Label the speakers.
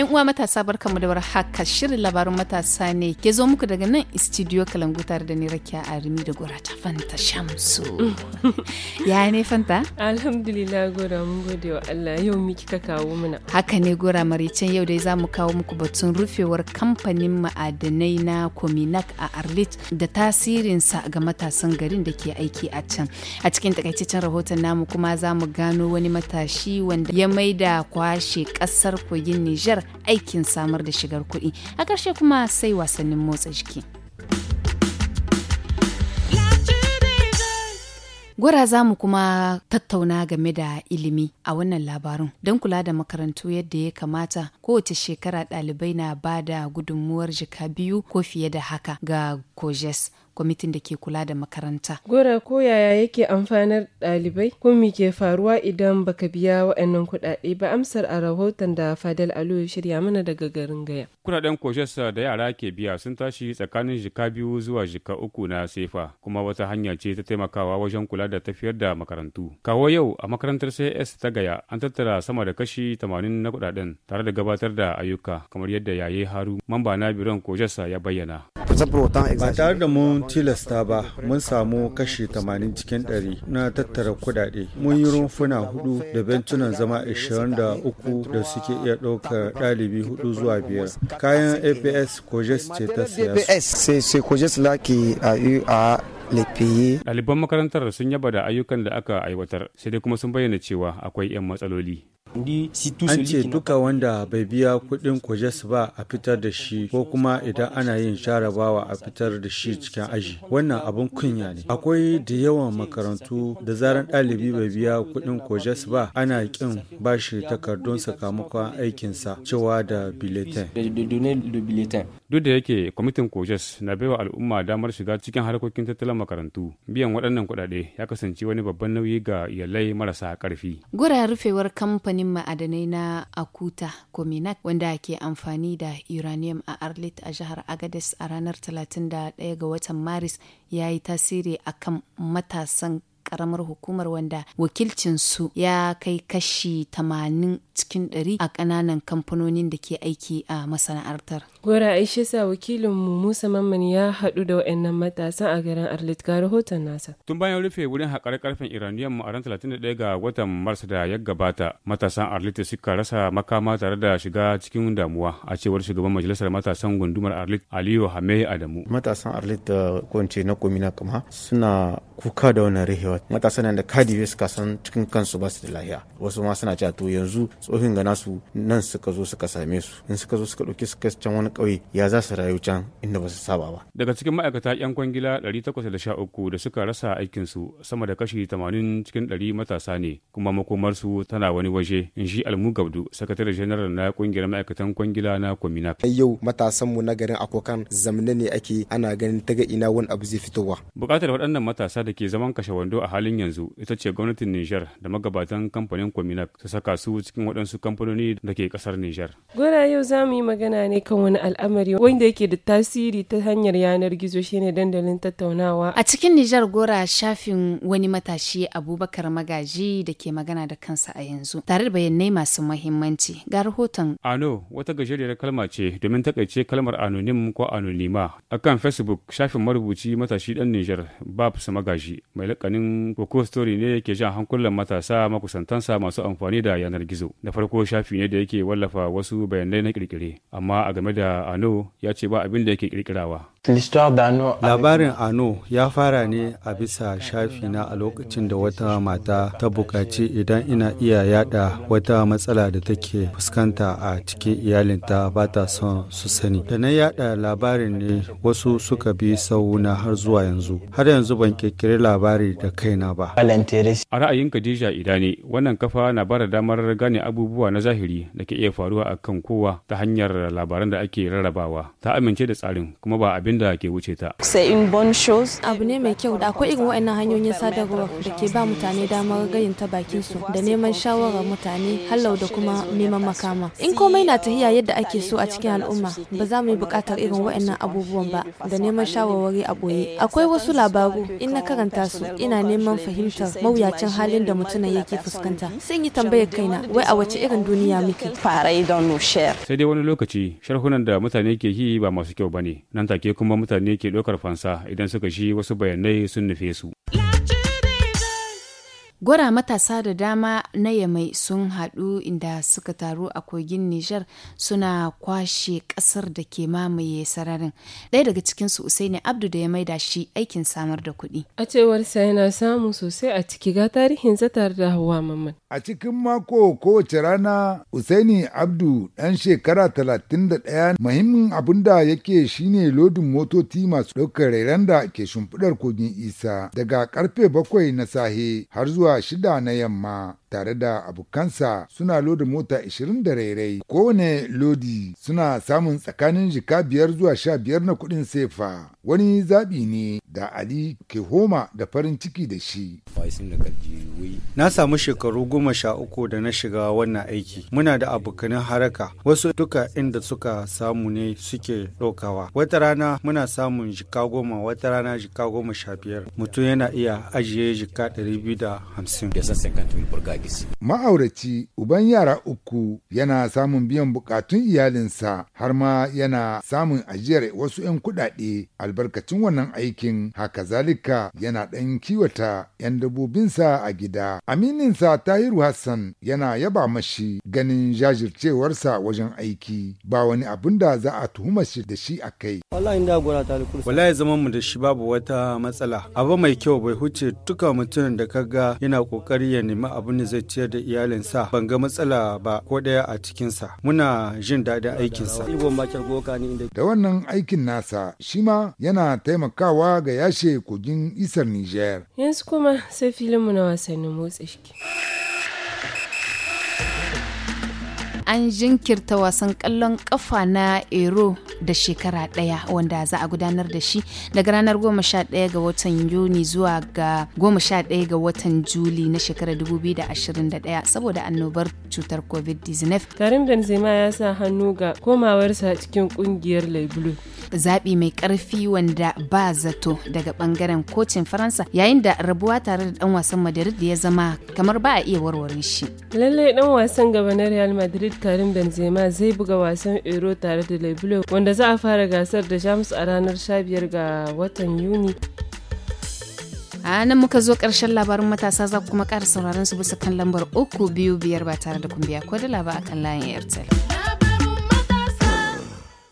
Speaker 1: 'yan uwa matasa barka da haka shirin labarin matasa ne ke zo muku daga nan studio kalangu tare da ni rakiya rumi da gora ta fanta shamsu ya ne fanta alhamdulillah gora mun gode wa Allah yau miki ka kawo mana haka ne gora maricen yau dai za mu kawo muku batun rufewar kamfanin ma'adanai na kominak a arlit da tasirinsa ga matasan garin da ke aiki a can a cikin takaitaccen rahoton namu kuma za mu gano wani matashi wanda ya maida kwashe kasar kogin nijar aikin samar da shigar kuɗi a ƙarshe kuma sai wasannin motsa jiki. Gwara za mu kuma tattauna game da ilimi a wannan labarin don kula da makarantu yadda ya kamata kowace shekara ɗalibai na ba da gudunmuwar jika biyu ko fiye da haka ga kojes kwamitin da ke kula da makaranta. Gora ko yaya yake amfanar ɗalibai? Ko me ke faruwa idan baka biya waɗannan kuɗaɗe ba amsar a rahoton da Fadel Alu ya shirya mana daga garin Gaya.
Speaker 2: Kuɗaɗen koshes da yara ke biya sun tashi tsakanin jika biyu zuwa jika uku na sefa kuma wata hanya ce ta taimakawa wajen kula da tafiyar da makarantu. Kawo yau a makarantar CS ta Gaya an tattara sama da kashi 80 na kuɗaɗen tare da gabatar da ayyuka kamar yadda yaye Haru mamba na biron koshes ya bayyana.
Speaker 3: ba tare da mun tilasta ba mun samu kashi 80 cikin 100 na tattara kudade mun yi rumfuna hudu da bentunan zama 23 da suke iya ɗaukar ɗalibi hudu zuwa biyar kayan aps kojes ce ta siya
Speaker 2: Ɗaliban makarantar sun yaba da ayyukan da aka aiwatar sai dai kuma sun bayyana cewa akwai 'yan matsaloli.
Speaker 3: An ce duka wanda bai biya kuɗin kujes ba a fitar da shi ko kuma idan ana yin jarabawa a fitar da shi cikin aji. Wannan abin kunya ne. Akwai da yawan makarantu da zaran ɗalibi bai biya kuɗin kujes ba ana ƙin bashi takardun sakamakon aikinsa cewa da biletin.
Speaker 2: duk da yake kwamitin kojes na baiwa al'umma damar shiga cikin harkokin tattalin makarantu biyan waɗannan kuɗaɗe ya kasance wani babban nauyi ga iyalai marasa ƙarfi
Speaker 1: gura rufewar kamfanin ma'adanai na akuta kominak wanda ke amfani da uranium a arlit a jihar agades a ranar 31 ga watan maris ya yi tasiri akan matasan karamar hukumar wanda wakilcin su ya kai kashi tamanin cikin 100 a ƙananan kamfanonin da ke aiki a masana'artar. Gora Aisha sa wakilin mu Musa Mamman ya haɗu da waɗannan matasan a garin Arlit ga rahoton nasa.
Speaker 2: Tun bayan rufe wurin haƙar karfin Iraniyan mu a ran 31 ga watan Mars da ya gabata, matasan Arlit suka rasa makama tare da shiga cikin damuwa a cewar shugaban majalisar
Speaker 3: matasan gundumar Arlit Aliyu Hame Adamu. Matasan Arlit da eh, kwance na kuma suna kuka da wannan rihewa matasan nan da kadibe suka san cikin kansu ba su da lahiya wasu ma suna cewa to yanzu tsofin ga nasu nan suka zo suka same su in suka zo suka ɗauki suka can wani ƙauye ya za su rayu can inda ba su saba ba
Speaker 2: daga cikin ma'aikata yan kwangila 813 da suka rasa aikin su sama da kashi 80 cikin 100 matasa ne kuma makomarsu tana wani waje in shi almu gabdu sakatare janar na kungiyar ma'aikatan kwangila na
Speaker 3: sai yau matasan mu na garin akokan zamne ne ake ana ganin taga ina wani abu zai fitowa
Speaker 2: bukatar waɗannan matasa da ke zaman kashe wando a halin yanzu ita ce gwamnatin Nijar da magabatan kamfanin kominak su saka su cikin waɗansu kamfanoni da ke ƙasar Nijar.
Speaker 1: Gora yau za mu yi magana ne kan wani al'amari wanda yake da tasiri ta hanyar yanar gizo shine dandalin tattaunawa. A cikin Nijar gora shafin wani matashi Abubakar Magaji da ke magana da kansa a yanzu tare da bayanai masu muhimmanci ga rahoton.
Speaker 2: Ano wata gajeriyar kalma ce domin takaice kalmar anonim ko anonima akan Facebook shafin marubuci matashi ɗan Nijar babs Magaji mai lakanin wannan koko story ne ke jan hankulan matasa makusantansa masu amfani da yanar gizo da farko shafi ne da yake wallafa wasu bayanai na kirkire amma a game da
Speaker 3: ano ya ce ba abin da yake kirkirawa Labarin Ano ya fara ne a bisa shafi na a lokacin da wata mata ta bukaci idan ina iya yada wata matsala da take fuskanta a cikin iyalinta ba ta son su sani. Da na yada labarin ne wasu suka bi sauna har zuwa yanzu. Har yanzu ban kirkiri labari da kaina ba. A
Speaker 2: ra'ayin Khadija Idane, wannan kafa na bada damar gane abubuwa na zahiri da ke iya faruwa a kan kowa ta hanyar labaran da ake rarrabawa. Ta amince da tsarin kuma ba abin abin da ke wuce ta.
Speaker 1: Abu ne mai kyau da akwai irin waɗannan hanyoyin sadarwa da ke ba mutane damar gayin ta bakin su da neman shawarar mutane hallau da kuma neman makama. In komai na tahiya yadda ake so a cikin al'umma ba za mu yi buƙatar irin waɗannan abubuwan ba da neman shawarwari a ɓoye. Akwai wasu labaru in na karanta su ina neman fahimtar mawuyacin halin da mutumin yake fuskanta. Sun yi tambayar kaina wai a wace irin duniya muke.
Speaker 2: Sai dai wani lokaci sharhunan da mutane ke yi ba masu kyau ba ne nan take kuma mutane ke ɗaukar fansa idan suka shi wasu bayanai sun nufe su.
Speaker 1: Gwara matasa da dama na Yamai sun haɗu inda suka taru a kogin Nijar suna kwashe ƙasar da ke mamaye sararin. Ɗaya daga cikinsu ne Abdu da ya maida shi aikin samar da kuɗi. A cewar sa yana samu sosai a ciki ga tarihin zatar da hawa mamman.
Speaker 4: A cikin mako kowace rana Usaini Abdu ɗan shekara talatin da ɗaya muhimmin abin da yake shine lodin motoci masu ɗaukar rairan da ke shimfiɗar kogin Isa daga karfe bakwai na sahe har zuwa zuwa shida na yamma. tare da abokansa suna loda mota 20 da rairai kowane lodi suna samun tsakanin jika biyar zuwa sha biyar na kuɗin sefa wani zaɓi ne da ali ke homa da farin ciki da shi na samu shekaru goma sha uku da
Speaker 3: na shiga wannan aiki muna da abokanin haraka wasu duka inda suka samu ne suke ɗaukawa wata rana muna samun jika goma wata rana jika goma sha biyar mutum yana iya ajiye jika ɗari biyu da hamsin agis.
Speaker 4: Ma'auraci uban yara uku yana samun biyan bukatun iyalinsa har ma yana samun ajiyar wasu 'yan kudade albarkacin wannan aikin haka zalika yana ɗan kiwata 'yan dabbobinsa a gida. Amininsa Tahiru Hassan yana yaba mashi ganin jajircewarsa wajen aiki ba wani abin da za a tuhuma shi da shi a kai.
Speaker 3: Wallahi zaman mu da shi babu wata matsala. Abu mai kyau bai huce duka mutumin da ka ga yana kokari ya nemi abin zai ciyar da iyalinsa ban ga matsala ba ko ɗaya a cikinsa muna jin daɗin aikinsa.
Speaker 4: Da wannan aikin nasa shi ma yana taimakawa ga yashe kogin isar Nijar.
Speaker 1: Yanzu kuma sai filin mu na wasannin motsa shiki. An jinkirta wasan ƙallon ƙafa na Ero da shekara ɗaya wanda za a gudanar da shi daga ranar 11 ga watan Yuni zuwa ga 11 ga watan Juli na shekarar 2021 saboda annobar cutar COVID-19. Karim Benzema ya sa hannu ga komawarsa cikin kungiyar laibulu zaɓi mai ƙarfi wanda ba zato daga ɓangaren kocin faransa yayin da rabuwa tare da ɗan wasan madrid ya zama kamar ba a iya warware shi lallai ɗan wasan gaba na real madrid karim benzema zai buga wasan euro tare da laibulu wanda da za a fara gasar da jamus a ranar 15 ga watan yuni a nan muka zo ƙarshen labarin matasa za kuma ƙara sauraron su bisa kan lambar uku biyu biyar ba tare da kumbiya ko da laba akan layin airtel